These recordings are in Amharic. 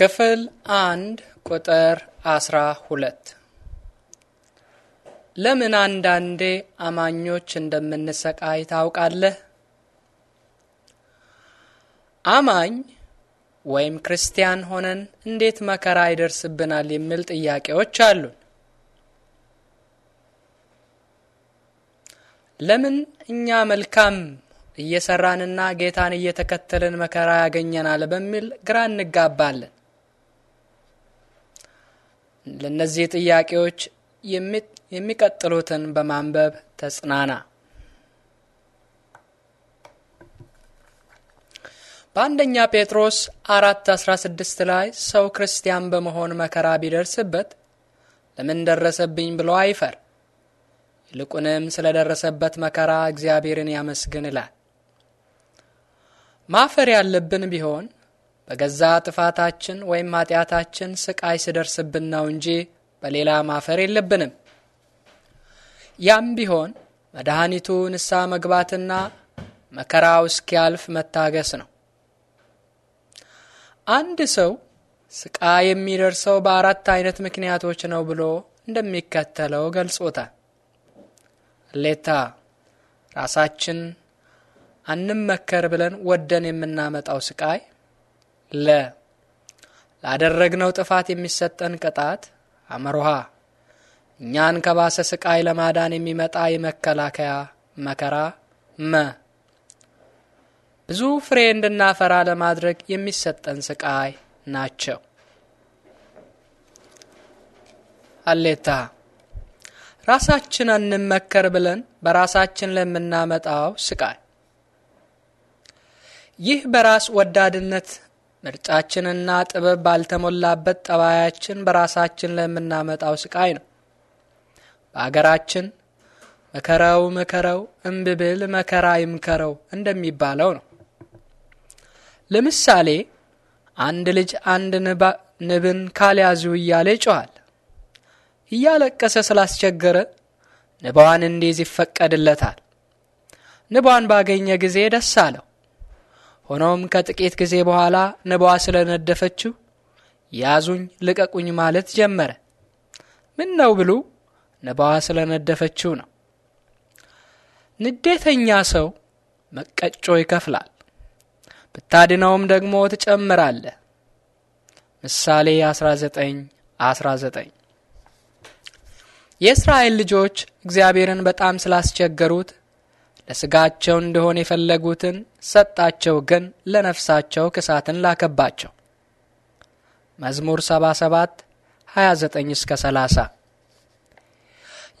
ክፍል አንድ ቁጥር አስራ ሁለት ለምን አንዳንዴ አማኞች እንደምንሰቃይ ታውቃለህ? አማኝ ወይም ክርስቲያን ሆነን እንዴት መከራ ይደርስብናል የሚል ጥያቄዎች አሉን። ለምን እኛ መልካም እየሰራንና ጌታን እየተከተልን መከራ ያገኘናል በሚል ግራ እንጋባለን። ለእነዚህ ጥያቄዎች የሚቀጥሉትን በማንበብ ተጽናና። በአንደኛ ጴጥሮስ አራት አስራ ስድስት ላይ ሰው ክርስቲያን በመሆን መከራ ቢደርስበት ለምን ደረሰብኝ ብሎ አይፈር፣ ይልቁንም ስለ ደረሰበት መከራ እግዚአብሔርን ያመስግን ይላል። ማፈር ያለብን ቢሆን በገዛ ጥፋታችን ወይም ኃጢአታችን ስቃይ ስደርስብን ነው እንጂ በሌላ ማፈር የለብንም። ያም ቢሆን መድኃኒቱ ንሳ መግባትና መከራው እስኪያልፍ መታገስ ነው። አንድ ሰው ስቃይ የሚደርሰው በአራት አይነት ምክንያቶች ነው ብሎ እንደሚከተለው ገልጾታል። ሌታ ራሳችን አንመከር ብለን ወደን የምናመጣው ስቃይ ለ ላደረግነው ጥፋት የሚሰጠን ቅጣት አመሮሃ እኛን ከባሰ ስቃይ ለማዳን የሚመጣ የመከላከያ መከራ መ ብዙ ፍሬ እንድናፈራ ለማድረግ የሚሰጠን ስቃይ ናቸው። አሌታ ራሳችን እንመከር ብለን በራሳችን ለምናመጣው ስቃይ ይህ በራስ ወዳድነት ምርጫችንና ጥበብ ባልተሞላበት ጠባያችን በራሳችን ለምናመጣው ስቃይ ነው። በአገራችን መከረው መከረው እምብብል መከራ ይምከረው እንደሚባለው ነው። ለምሳሌ አንድ ልጅ አንድ ንብን ካልያዙ እያለ ይጮኋል። እያለቀሰ ስላስቸገረ ንቧን እንዲይዝ ይፈቀድለታል። ንቧን ባገኘ ጊዜ ደስ አለው። ሆኖም ከጥቂት ጊዜ በኋላ ንቧ ስለነደፈችው ያዙኝ ልቀቁኝ ማለት ጀመረ። ምን ነው ብሉ ንባዋ ስለነደፈችው ነው። ንዴተኛ ሰው መቀጮ ይከፍላል፣ ብታድነውም ደግሞ ትጨምራለ። ምሳሌ 19 19 የእስራኤል ልጆች እግዚአብሔርን በጣም ስላስቸገሩት ለሥጋቸው እንደሆነ የፈለጉትን ሰጣቸው፣ ግን ለነፍሳቸው ክሳትን ላከባቸው። መዝሙር 77 29 እስከ 30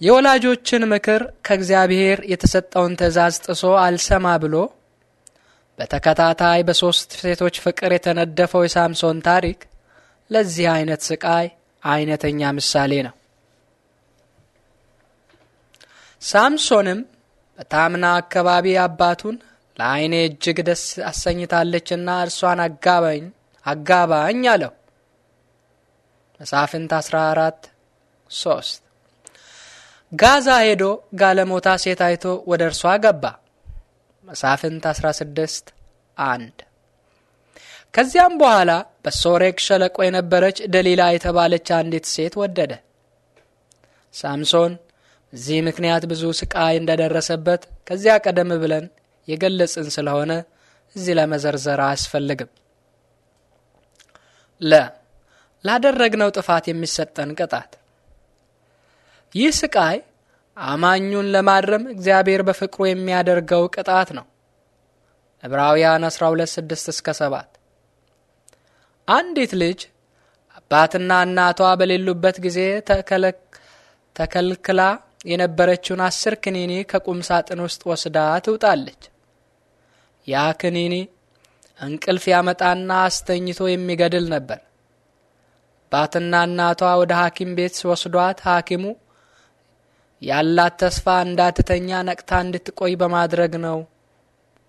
የወላጆችን ምክር ከእግዚአብሔር የተሰጠውን ትእዛዝ ጥሶ አልሰማ ብሎ በተከታታይ በሦስት ሴቶች ፍቅር የተነደፈው የሳምሶን ታሪክ ለዚህ አይነት ስቃይ አይነተኛ ምሳሌ ነው። ሳምሶንም በታምና አካባቢ አባቱን ለዓይኔ እጅግ ደስ አሰኝታለችና እርሷን አጋባኝ አጋባኝ አለው። መሳፍንት 14 3 ጋዛ ሄዶ ጋለሞታ ሴት አይቶ ወደ እርሷ ገባ። መሳፍንት 16 1 ከዚያም በኋላ በሶሬክ ሸለቆ የነበረች ደሊላ የተባለች አንዲት ሴት ወደደ። ሳምሶን እዚህ ምክንያት ብዙ ስቃይ እንደደረሰበት ከዚያ ቀደም ብለን የገለጽን ስለሆነ እዚህ ለመዘርዘር አያስፈልግም። ለ ላደረግነው ጥፋት የሚሰጠን ቅጣት ይህ ስቃይ አማኙን ለማድረም እግዚአብሔር በፍቅሩ የሚያደርገው ቅጣት ነው። ዕብራውያን 12:6-7 አንዲት ልጅ አባትና እናቷ በሌሉበት ጊዜ ተከልክላ የነበረችውን አስር ክኒኒ ከቁም ሳጥን ውስጥ ወስዳ ትውጣለች። ያ ክኒኒ እንቅልፍ ያመጣና አስተኝቶ የሚገድል ነበር። ባትና እናቷ ወደ ሐኪም ቤት ሲወስዷት ሐኪሙ ያላት ተስፋ እንዳትተኛ ነቅታ እንድትቆይ በማድረግ ነው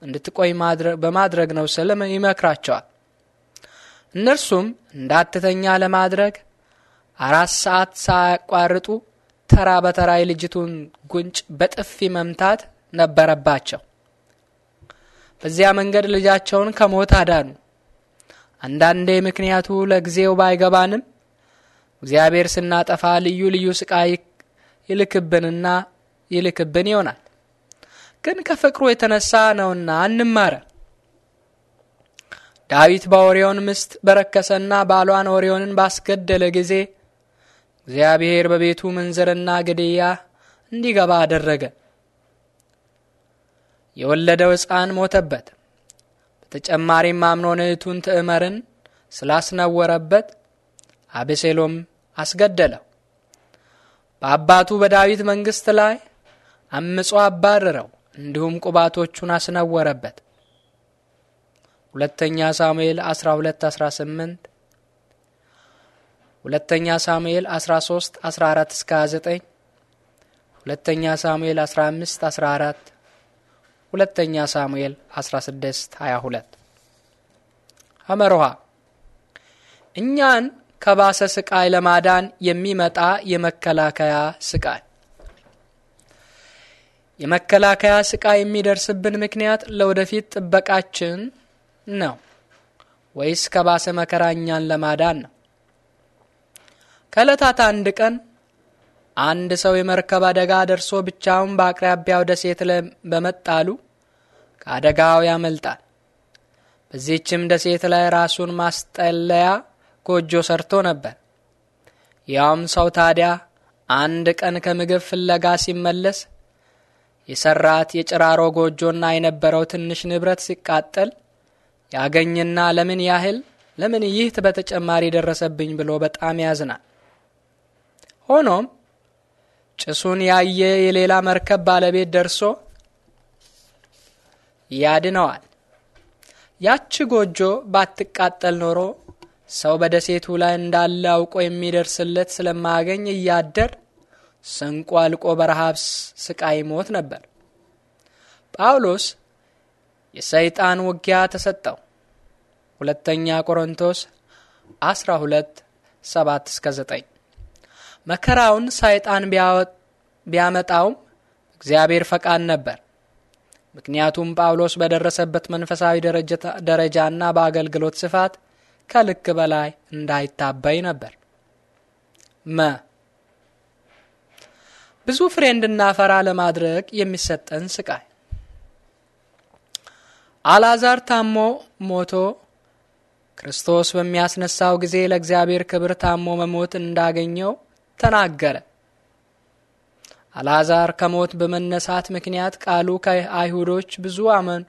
እንድትቆይ በማድረግ ነው ስል ይመክራቸዋል። እነርሱም እንዳትተኛ ለማድረግ አራት ሰዓት ሳያቋርጡ ተራ በተራ የልጅቱን ጉንጭ በጥፊ መምታት ነበረባቸው። በዚያ መንገድ ልጃቸውን ከሞት አዳኑ። አንዳንዴ ምክንያቱ ለጊዜው ባይገባንም እግዚአብሔር ስናጠፋ ልዩ ልዩ ስቃይ ይልክብንና ይልክብን ይሆናል። ግን ከፍቅሩ የተነሳ ነውና እንማረ። ዳዊት በኦርዮን ምስት በረከሰና ባሏን ኦርዮንን ባስገደለ ጊዜ እግዚአብሔር በቤቱ ምንዝርና ግድያ እንዲገባ አደረገ። የወለደው ሕፃን ሞተበት። በተጨማሪም አምኖን እህቱን ትዕመርን ስላስነወረበት አቤሴሎም አስገደለው። በአባቱ በዳዊት መንግሥት ላይ አምጾ አባረረው። እንዲሁም ቁባቶቹን አስነወረበት። ሁለተኛ ሳሙኤል 12 18 ሁለተኛ ሳሙኤል 13 14 እስከ 29 ሁለተኛ ሳሙኤል 15 14 ሁለተኛ ሳሙኤል 16 22 አመሮሃ እኛን ከባሰ ስቃይ ለማዳን የሚመጣ የመከላከያ ስቃይ የመከላከያ ስቃይ የሚደርስብን ምክንያት ለወደፊት ጥበቃችን ነው ወይስ ከባሰ መከራ እኛን ለማዳን ነው? ከዕለታት አንድ ቀን አንድ ሰው የመርከብ አደጋ ደርሶ ብቻውን በአቅራቢያው ደሴት በመጣሉ ከአደጋው ያመልጣል። በዚህችም ደሴት ላይ ራሱን ማስጠለያ ጎጆ ሰርቶ ነበር። ያውም ሰው ታዲያ አንድ ቀን ከምግብ ፍለጋ ሲመለስ የሰራት የጭራሮ ጎጆና የነበረው ትንሽ ንብረት ሲቃጠል ያገኝና ለምን ያህል ለምን ይህ በተጨማሪ ደረሰብኝ ብሎ በጣም ያዝናል። ሆኖም ጭሱን ያየ የሌላ መርከብ ባለቤት ደርሶ ያድነዋል። ያች ጎጆ ባትቃጠል ኖሮ ሰው በደሴቱ ላይ እንዳለ አውቆ የሚደርስለት ስለማያገኝ እያደር ስንቁ አልቆ በረሃብ ስቃይ ሞት ነበር። ጳውሎስ የሰይጣን ውጊያ ተሰጠው። ሁለተኛ ቆሮንቶስ 12 7 እስከ 9 መከራውን ሳይጣን ቢያመጣውም እግዚአብሔር ፈቃድ ነበር። ምክንያቱም ጳውሎስ በደረሰበት መንፈሳዊ ደረጃና በአገልግሎት ስፋት ከልክ በላይ እንዳይታበይ ነበር። መ ብዙ ፍሬ እንድናፈራ ለማድረግ የሚሰጠን ስቃይ አላዛር ታሞ ሞቶ ክርስቶስ በሚያስነሳው ጊዜ ለእግዚአብሔር ክብር ታሞ መሞት እንዳገኘው ተናገረ። አልዓዛር ከሞት በመነሳት ምክንያት ቃሉ ከአይሁዶች ብዙ አመኑ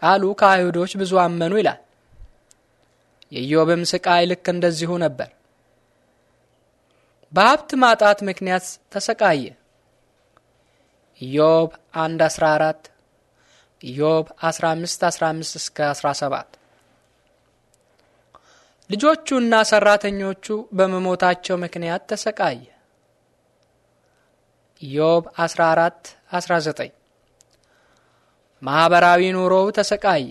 ቃሉ ከአይሁዶች ብዙ አመኑ ይላል። የኢዮብም ስቃይ ልክ እንደዚሁ ነበር። በሀብት ማጣት ምክንያት ተሰቃየ። ኢዮብ 1 14 ኢዮብ 15 15 እስከ 17 ልጆቹና ሰራተኞቹ በመሞታቸው ምክንያት ተሰቃየ። ኢዮብ 14 19 ማኅበራዊ ኑሮው ተሰቃየ።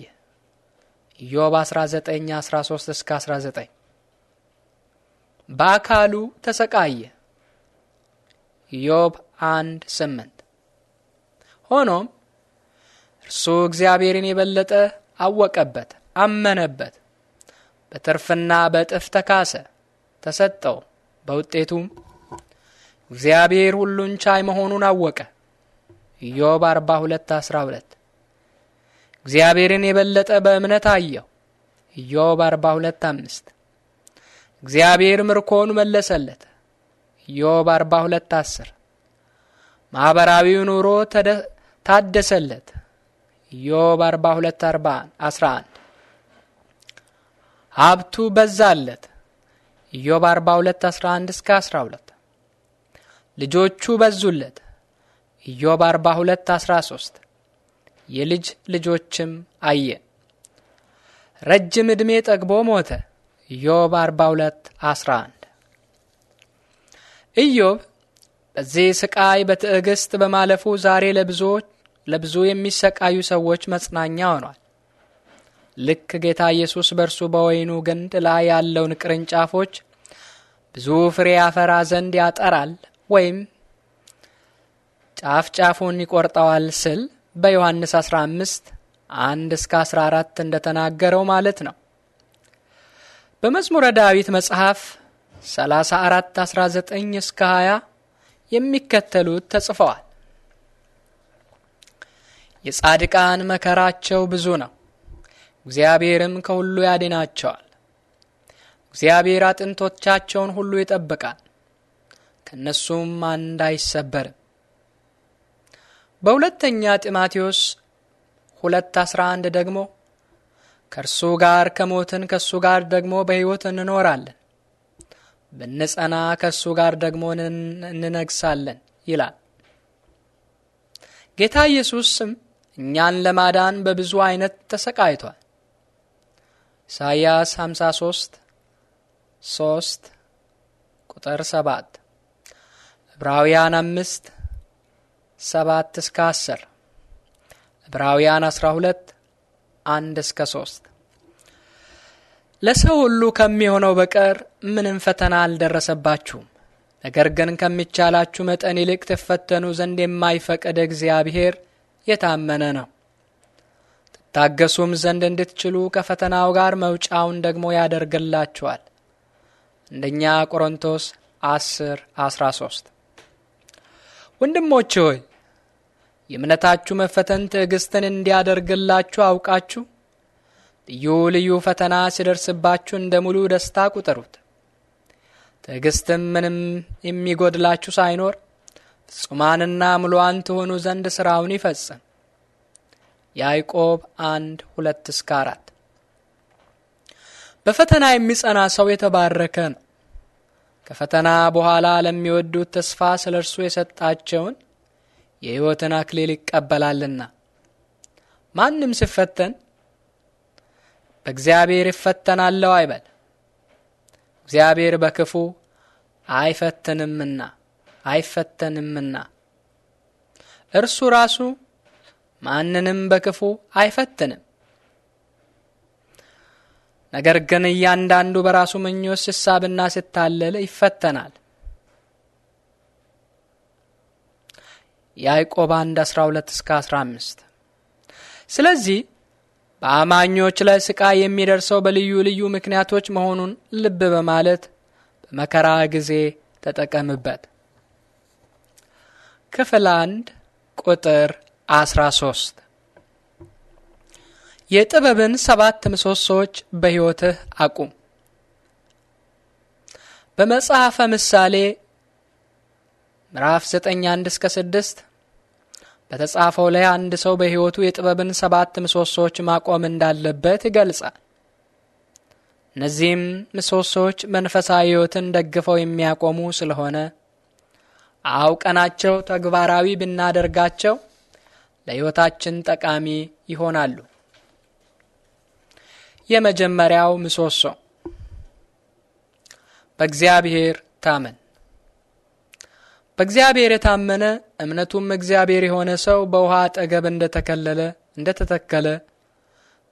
ኢዮብ 19 13 እስከ 19 በአካሉ ተሰቃየ። ኢዮብ 1 8 ሆኖም እርሱ እግዚአብሔርን የበለጠ አወቀበት፣ አመነበት። በትርፍና በእጥፍ ተካሰ ተሰጠው። በውጤቱም እግዚአብሔር ሁሉን ቻይ መሆኑን አወቀ። ኢዮብ 42 12 እግዚአብሔርን የበለጠ በእምነት አየው። ኢዮብ 42 5 እግዚአብሔር ምርኮን መለሰለት። ኢዮብ 42 10 ማኅበራዊው ኑሮ ታደሰለት። ኢዮብ 42 11 ሀብቱ በዛለት። ኢዮብ 42 11 እስከ 12 ልጆቹ በዙለት። ኢዮብ 42 13 የልጅ ልጆችም አየ። ረጅም ዕድሜ ጠግቦ ሞተ። ኢዮብ 42 11 ኢዮብ በዚህ ስቃይ በትዕግስት በማለፉ ዛሬ ለብዙ የሚሰቃዩ ሰዎች መጽናኛ ሆኗል። ልክ ጌታ ኢየሱስ በእርሱ በወይኑ ግንድ ላይ ያለውን ቅርንጫፎች ብዙ ፍሬ ያፈራ ዘንድ ያጠራል ወይም ጫፍ ጫፉን ይቆርጠዋል ስል በዮሐንስ 15 1 እስከ 14 እንደተናገረው ማለት ነው። በመዝሙረ ዳዊት መጽሐፍ 34 19 እስከ 20 የሚከተሉት ተጽፈዋል። የጻድቃን መከራቸው ብዙ ነው እግዚአብሔርም ከሁሉ ያድናቸዋል። እግዚአብሔር አጥንቶቻቸውን ሁሉ ይጠብቃል፣ ከእነሱም አንድ አይሰበርም። በሁለተኛ ጢማቴዎስ ሁለት አስራ አንድ ደግሞ ከእርሱ ጋር ከሞትን ከእሱ ጋር ደግሞ በሕይወት እንኖራለን፣ ብንጸና ከእሱ ጋር ደግሞ እንነግሳለን ይላል። ጌታ ኢየሱስም እኛን ለማዳን በብዙ አይነት ተሰቃይቷል። ኢሳይያስ 53 3 ቁጥር 7 ዕብራውያን 5 7 እስከ 10 ዕብራውያን 12 1 እስከ 3 ለሰው ሁሉ ከሚሆነው በቀር ምንም ፈተና አልደረሰባችሁም። ነገር ግን ከሚቻላችሁ መጠን ይልቅ ትፈተኑ ዘንድ የማይፈቅድ እግዚአብሔር የታመነ ነው። ታገሱም ዘንድ እንድትችሉ ከፈተናው ጋር መውጫውን ደግሞ ያደርግላችኋል። አንደኛ ቆሮንቶስ 10 13 ወንድሞች ሆይ የእምነታችሁ መፈተን ትዕግስትን እንዲያደርግላችሁ አውቃችሁ ልዩ ልዩ ፈተና ሲደርስባችሁ እንደ ሙሉ ደስታ ቁጠሩት። ትዕግስትም ምንም የሚጎድላችሁ ሳይኖር ፍጹማንና ምሉዋን ትሆኑ ዘንድ ሥራውን ይፈጽም። ያዕቆብ አንድ ሁለት እስከ አራት በፈተና የሚጸና ሰው የተባረከ ነው። ከፈተና በኋላ ለሚወዱት ተስፋ ስለ እርሱ የሰጣቸውን የሕይወትን አክሊል ይቀበላልና። ማንም ሲፈተን በእግዚአብሔር ይፈተናለሁ አይበል፣ እግዚአብሔር በክፉ አይፈትንምና አይፈተንምና እርሱ ራሱ ማንንም በክፉ አይፈትንም። ነገር ግን እያንዳንዱ በራሱ ምኞት ሲሳብና ሲታለል ይፈተናል። ያዕቆብ 1 12 እስከ 15 ስለዚህ በአማኞች ላይ ስቃይ የሚደርሰው በልዩ ልዩ ምክንያቶች መሆኑን ልብ በማለት በመከራ ጊዜ ተጠቀምበት። ክፍል አንድ ቁጥር 13 የጥበብን ሰባት ምሰሶዎች በሕይወትህ አቁም። በመጽሐፈ ምሳሌ ምዕራፍ 9 1 እስከ 6 በተጻፈው ላይ አንድ ሰው በሕይወቱ የጥበብን ሰባት ምሰሶዎች ማቆም እንዳለበት ይገልጻል። እነዚህም ምሰሶዎች መንፈሳዊ ሕይወትን ደግፈው የሚያቆሙ ስለሆነ አውቀናቸው ተግባራዊ ብናደርጋቸው ለሕይወታችን ጠቃሚ ይሆናሉ። የመጀመሪያው ምሰሶ በእግዚአብሔር ታመን። በእግዚአብሔር የታመነ እምነቱም እግዚአብሔር የሆነ ሰው በውሃ አጠገብ እንደተከለለ እንደተተከለ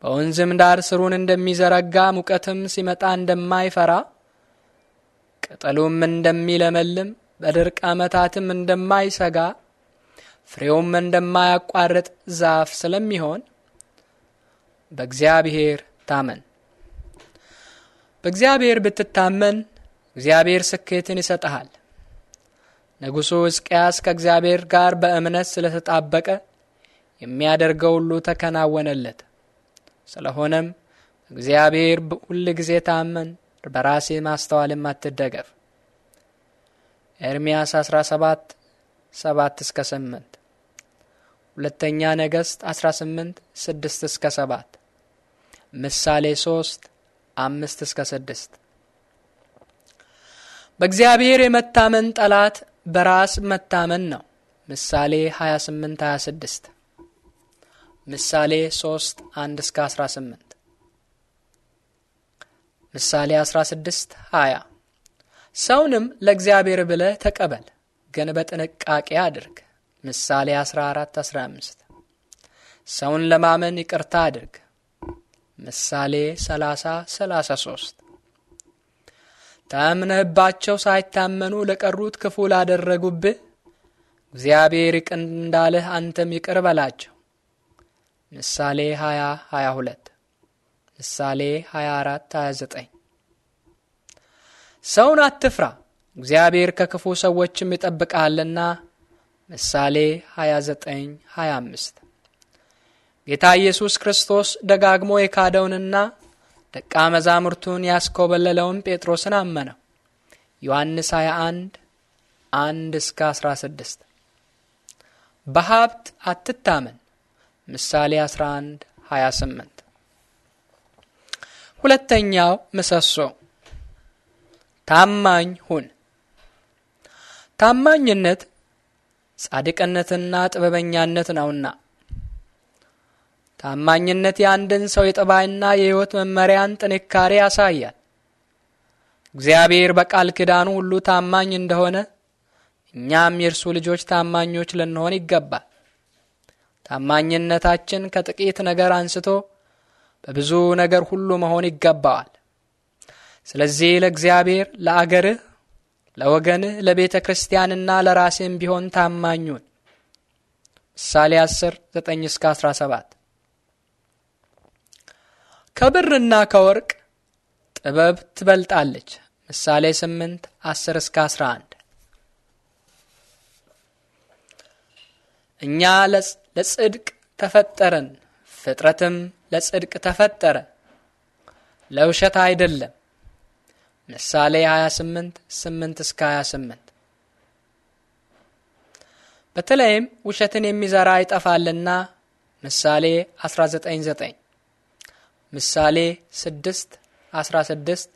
በወንዝም ዳር ስሩን እንደሚዘረጋ ሙቀትም ሲመጣ እንደማይፈራ ቅጠሉም እንደሚለመልም በድርቅ ዓመታትም እንደማይሰጋ ፍሬውም እንደማያቋርጥ ዛፍ ስለሚሆን በእግዚአብሔር ታመን። በእግዚአብሔር ብትታመን እግዚአብሔር ስኬትን ይሰጠሃል። ንጉሡ ሕዝቅያስ ከእግዚአብሔር ጋር በእምነት ስለተጣበቀ የሚያደርገው ሁሉ ተከናወነለት። ስለሆነም እግዚአብሔር ሁል ጊዜ ታመን፣ በራሴ ማስተዋልም አትደገፍ። ኤርምያስ 17 7 እስከ 8 ሁለተኛ ነገሥት 18 6 እስከ 7 ምሳሌ 3 5 እስከ 6 በእግዚአብሔር የመታመን ጠላት በራስ መታመን ነው። ምሳሌ 28 26 ምሳሌ 3 1 እስከ 18 ምሳሌ 16 20 ሰውንም ለእግዚአብሔር ብለህ ተቀበል፣ ግን በጥንቃቄ አድርግ ምሳሌ 14 15 ሰውን ለማመን ይቅርታ አድርግ ምሳሌ 30 33 ታምነህባቸው ሳይታመኑ ለቀሩት ክፉ ላደረጉብህ እግዚአብሔር ይቅር እንዳለህ አንተም ይቅር በላቸው። ምሳሌ 20 22 ምሳሌ 24 29 ሰውን አትፍራ እግዚአብሔር ከክፉ ሰዎችም ይጠብቃልና ምሳሌ 2925 ጌታ ኢየሱስ ክርስቶስ ደጋግሞ የካደውንና ደቀ መዛሙርቱን ያስኮበለለውን ጴጥሮስን አመነው። ዮሐንስ 21 1 እስከ 16 በሀብት አትታመን። ምሳሌ 11 28 ሁለተኛው ምሰሶ ታማኝ ሁን። ታማኝነት ጻድቅነትና ጥበበኛነት ነውና። ታማኝነት የአንድን ሰው የጠባይና የሕይወት መመሪያን ጥንካሬ ያሳያል። እግዚአብሔር በቃል ኪዳኑ ሁሉ ታማኝ እንደሆነ እኛም የእርሱ ልጆች ታማኞች ልንሆን ይገባል። ታማኝነታችን ከጥቂት ነገር አንስቶ በብዙ ነገር ሁሉ መሆን ይገባዋል። ስለዚህ ለእግዚአብሔር ለአገርህ ለወገንህ ለቤተ ክርስቲያንና ለራሴም ቢሆን ታማኙን። ምሳሌ 10 9 እስከ 17 ከብርና ከወርቅ ጥበብ ትበልጣለች። ምሳሌ 8 10 እስከ 11 እኛ ለጽድቅ ተፈጠርን፣ ፍጥረትም ለጽድቅ ተፈጠረ፣ ለውሸት አይደለም። ምሳሌ 28 8 እስከ 28 በተለይም ውሸትን የሚዘራ ይጠፋልና ምሳሌ 199 ምሳሌ 6 16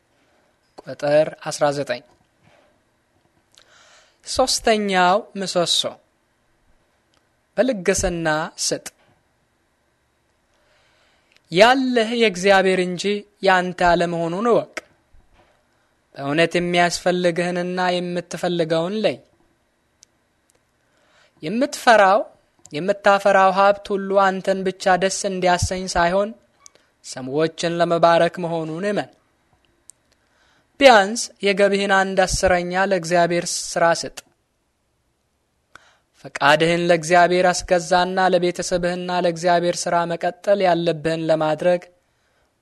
ቁጥር 19 ሶስተኛው ምሰሶ በልግስና ስጥ ያለህ የእግዚአብሔር እንጂ ያንተ አለመሆኑን እወቅ። በእውነት የሚያስፈልግህንና የምትፈልገውን ለይ። የምትፈራው የምታፈራው ሀብት ሁሉ አንተን ብቻ ደስ እንዲያሰኝ ሳይሆን ሰዎችን ለመባረክ መሆኑን እመን። ቢያንስ የገቢህን አንድ አስረኛ ለእግዚአብሔር ስራ ስጥ። ፈቃድህን ለእግዚአብሔር አስገዛና ለቤተሰብህና ለእግዚአብሔር ሥራ መቀጠል ያለብህን ለማድረግ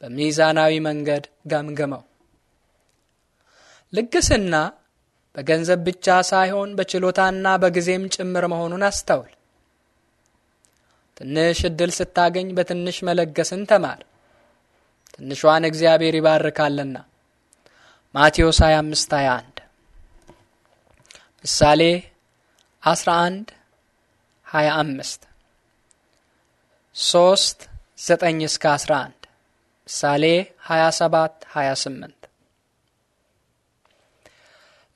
በሚዛናዊ መንገድ ገምግመው። ልግስና በገንዘብ ብቻ ሳይሆን በችሎታና በጊዜም ጭምር መሆኑን አስተውል። ትንሽ እድል ስታገኝ በትንሽ መለገስን ተማር፣ ትንሿን እግዚአብሔር ይባርካልና። ማቴዎስ 25 21 ምሳሌ 11 25 3 9 እስከ 11 ምሳሌ 27 28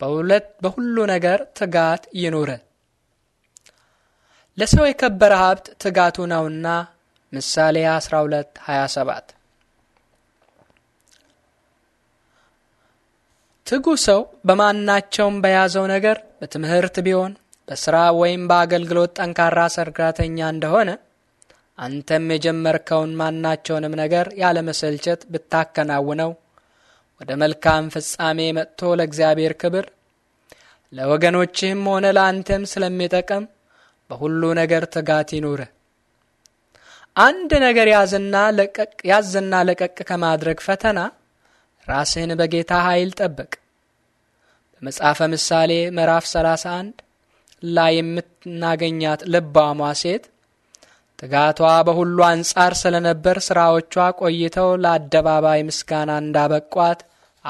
በሁለት በሁሉ ነገር ትጋት ይኑር። ለሰው የከበረ ሀብት ትጋቱ ነውና ምሳሌ 12 27 ትጉ ሰው በማናቸውም በያዘው ነገር በትምህርት ቢሆን በስራ ወይም በአገልግሎት ጠንካራ ሰራተኛ እንደሆነ አንተም የጀመርከውን ማናቸውንም ነገር ያለመሰልቸት ብታከናውነው ወደ መልካም ፍጻሜ መጥቶ ለእግዚአብሔር ክብር ለወገኖችህም ሆነ ለአንተም ስለሚጠቅም በሁሉ ነገር ትጋት ይኑረ። አንድ ነገር ያዝና ለቀቅ ከማድረግ ፈተና ራስህን በጌታ ኃይል ጠበቅ። በመጽሐፈ ምሳሌ ምዕራፍ 31 ላይ የምናገኛት ልባሟ ሴት ትጋቷ በሁሉ አንጻር ስለነበር ስራዎቿ ቆይተው ለአደባባይ ምስጋና እንዳበቋት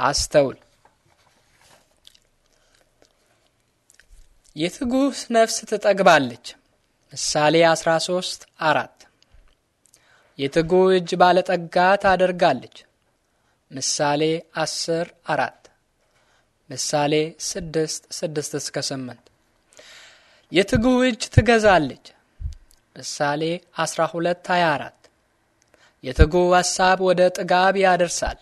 አስተውል። የትጉህ ነፍስ ትጠግባለች። ምሳሌ 13 አራት የትጉህ እጅ ባለጠጋ ታደርጋለች። ምሳሌ 10 አራት ምሳሌ 6 6 እስከ 8 የትጉህ እጅ ትገዛለች። ምሳሌ 12 24 የትጉህ ሐሳብ ወደ ጥጋብ ያደርሳል።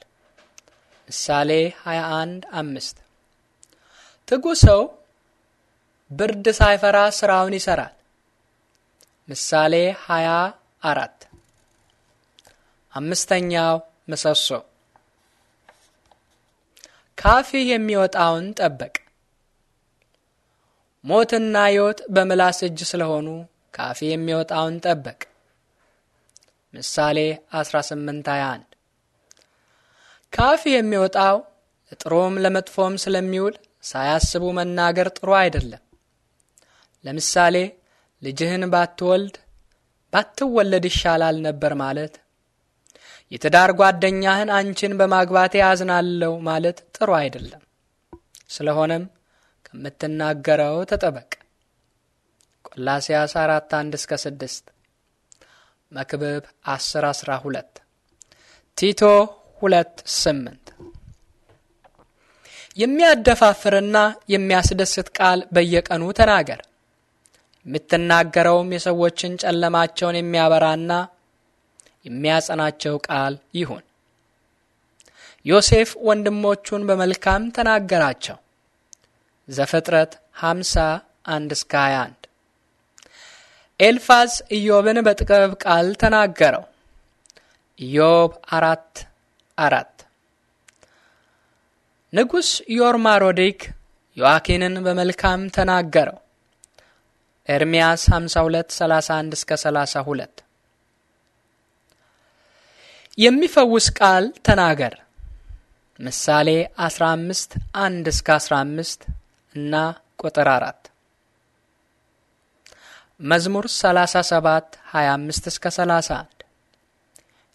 ምሳሌ 21 አምስት ትጉ ሰው ብርድ ሳይፈራ ስራውን ይሰራል። ምሳሌ 24 አምስተኛው ምሰሶ ካፊ የሚወጣውን ጠበቅ። ሞትና ሕይወት በምላስ እጅ ስለሆኑ ካፊ የሚወጣውን ጠበቅ። ምሳሌ 18 21 ከአፍህ የሚወጣው ለጥሩም ለመጥፎም ስለሚውል ሳያስቡ መናገር ጥሩ አይደለም። ለምሳሌ ልጅህን ባትወልድ ባትወለድ ይሻላል ነበር ማለት፣ የትዳር ጓደኛህን አንቺን በማግባቴ አዝናለሁ ማለት ጥሩ አይደለም። ስለሆነም ከምትናገረው ተጠበቅ። ቆላሲያስ 4 1 እስከ 6 መክብብ 10 12 ቲቶ ሁለት ስምንት የሚያደፋፍርና የሚያስደስት ቃል በየቀኑ ተናገር። የምትናገረውም የሰዎችን ጨለማቸውን የሚያበራና የሚያጸናቸው ቃል ይሁን። ዮሴፍ ወንድሞቹን በመልካም ተናገራቸው። ዘፍጥረት 51 እስከ 21። ኤልፋዝ ኢዮብን በጥበብ ቃል ተናገረው። ኢዮብ አራት አራት ንጉሥ ዮርማሮዴክ ዮአኪንን በመልካም ተናገረው። ኤርምያስ 52 31 እስከ 32 የሚፈውስ ቃል ተናገር ምሳሌ 15 1 እስከ 15 እና ቁጥር 4 መዝሙር 37 25 እስከ 30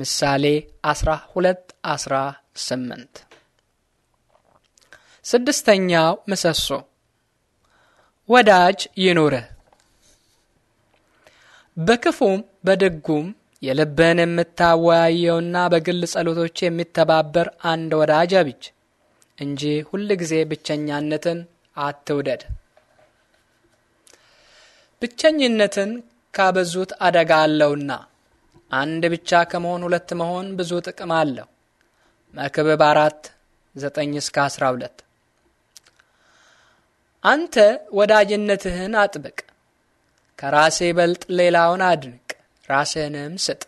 ምሳሌ 12 18 ስድስተኛው ምሰሶ ወዳጅ ይኑርህ። በክፉም በደጉም የልብህን የምታወያየውና በግል ጸሎቶች የሚተባበር አንድ ወዳጅ አብጅ እንጂ ሁል ጊዜ ብቸኛነትን አትውደድ። ብቸኝነትን ካበዙት አደጋ አለውና አንድ ብቻ ከመሆን ሁለት መሆን ብዙ ጥቅም አለው። መክብብ አራት ዘጠኝ እስከ አስራ ሁለት አንተ ወዳጅነትህን አጥብቅ፣ ከራሴ በልጥ ሌላውን አድንቅ፣ ራስህንም ስጥ።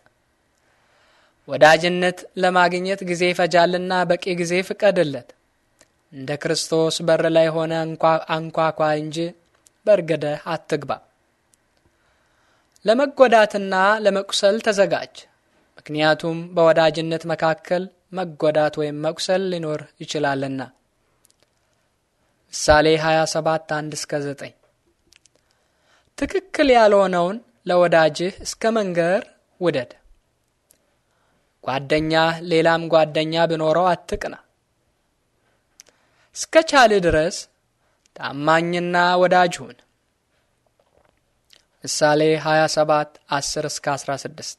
ወዳጅነት ለማግኘት ጊዜ ይፈጃልና በቂ ጊዜ ፍቀድለት። እንደ ክርስቶስ በር ላይ ሆነ አንኳኳ እንጂ በርግደህ አትግባ። ለመጎዳትና ለመቁሰል ተዘጋጅ። ምክንያቱም በወዳጅነት መካከል መጎዳት ወይም መቁሰል ሊኖር ይችላልና። ምሳሌ 27 1 እስከ 9 ትክክል ያልሆነውን ለወዳጅህ እስከ መንገር ውደድ። ጓደኛህ ሌላም ጓደኛ ቢኖረው አትቅና። እስከ ቻልህ ድረስ ታማኝና ወዳጅ ሁን። ምሳሌ 27 10 እስከ 16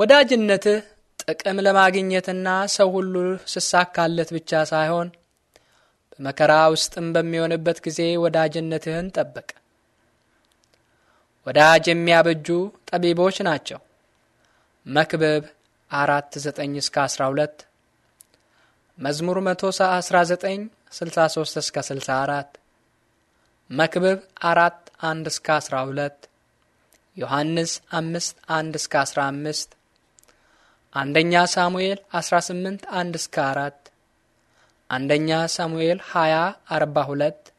ወዳጅነትህ ጥቅም ለማግኘትና ሰው ሁሉ ስሳካለት ብቻ ሳይሆን በመከራ ውስጥም በሚሆንበት ጊዜ ወዳጅነትህን ጠብቅ። ወዳጅ የሚያበጁ ጠቢቦች ናቸው። መክብብ አራት እስከ 12 መዝሙር 119 63 እስከ 64 መክብብ 4 1 እስከ 12 ዮሐንስ 5 1 እስከ 15 አንደኛ ሳሙኤል 18 1 እስከ 4 አንደኛ ሳሙኤል 20 42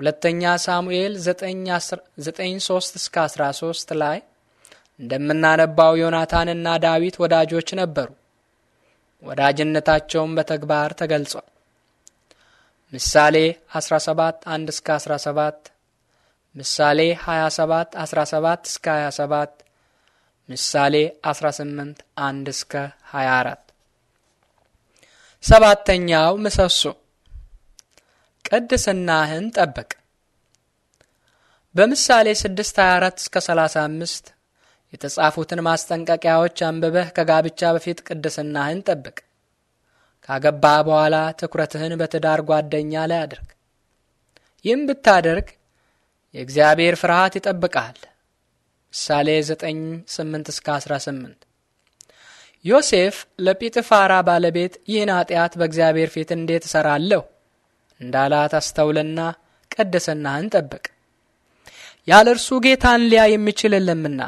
ሁለተኛ ሳሙኤል 9 3 እስከ 13 ላይ እንደምናነባው ዮናታንና ዳዊት ወዳጆች ነበሩ። ወዳጅነታቸውም በተግባር ተገልጿል። ምሳሌ 17 1 እስከ 17 ምሳሌ 27 17 እስከ 27 ምሳሌ 18 1 እስከ 24 ሰባተኛው ምሰሶ ቅድስናህን ጠብቅ። በምሳሌ 6 24 እስከ 35 የተጻፉትን ማስጠንቀቂያዎች አንብበህ ከጋብቻ በፊት ቅድስናህን ጠብቅ። ካገባ በኋላ ትኩረትህን በትዳር ጓደኛ ላይ አድርግ። ይህም ብታደርግ የእግዚአብሔር ፍርሃት ይጠብቃል። ምሳሌ 9 8 እስከ 18 ዮሴፍ ለጲጥፋራ ባለቤት ይህን ኃጢአት በእግዚአብሔር ፊት እንዴት እሠራለሁ እንዳላት አስተውልና ቀደሰናህን ጠብቅ፣ ያለ እርሱ ጌታን ሊያ የሚችል የለምና።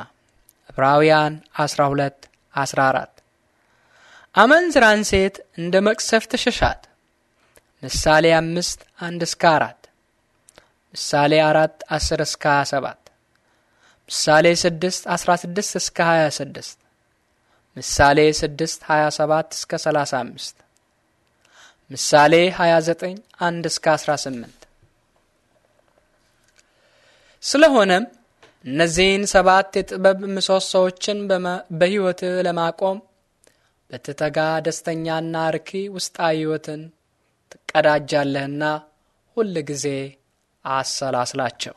ዕብራውያን 12 14 አመንዝራን ሴት እንደ መቅሰፍ ትሸሻት ምሳሌ 5 1 እስከ 4 ምሳሌ አራት አስር እስከ ሀያ ሰባት ምሳሌ ስድስት አስራ ስድስት እስከ ሀያ ስድስት ምሳሌ ስድስት ሀያ ሰባት እስከ ሰላሳ አምስት ምሳሌ ሀያ ዘጠኝ አንድ እስከ አስራ ስምንት ስለሆነም እነዚህን ሰባት የጥበብ ምሰሶዎችን በሕይወት ለማቆም በትተጋ ደስተኛና አርኪ ውስጣዊ ሕይወትን ትቀዳጃለህና ሁል ጊዜ አሰላስላቸው።